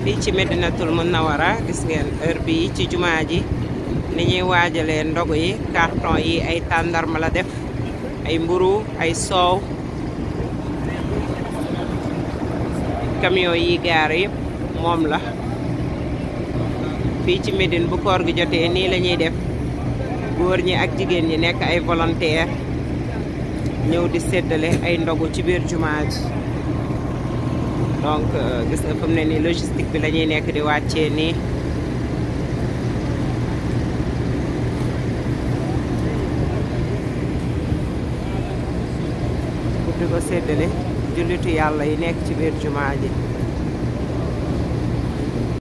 fii ci Medinatul Munawara gis ngeen heure bii ci jumaa ji ni ñuy waajalee ndogu yi carton yi ay tàndarma la def ay mburu ay soow camion yi gaar yëpp moom la fii ci Médine bu koor gi jotee nii lañuy ñuy def góor ñi ak jigéen ñi nekk ay volontaire ñëw di seddale ay ndogu ci biir jumaa ji donc euh, gis nga fi mu ne nii logistique bi lañuy nekk di wàccee nii pour di ko séddale jullitu yàlla yi nekk ci biir jumaa ji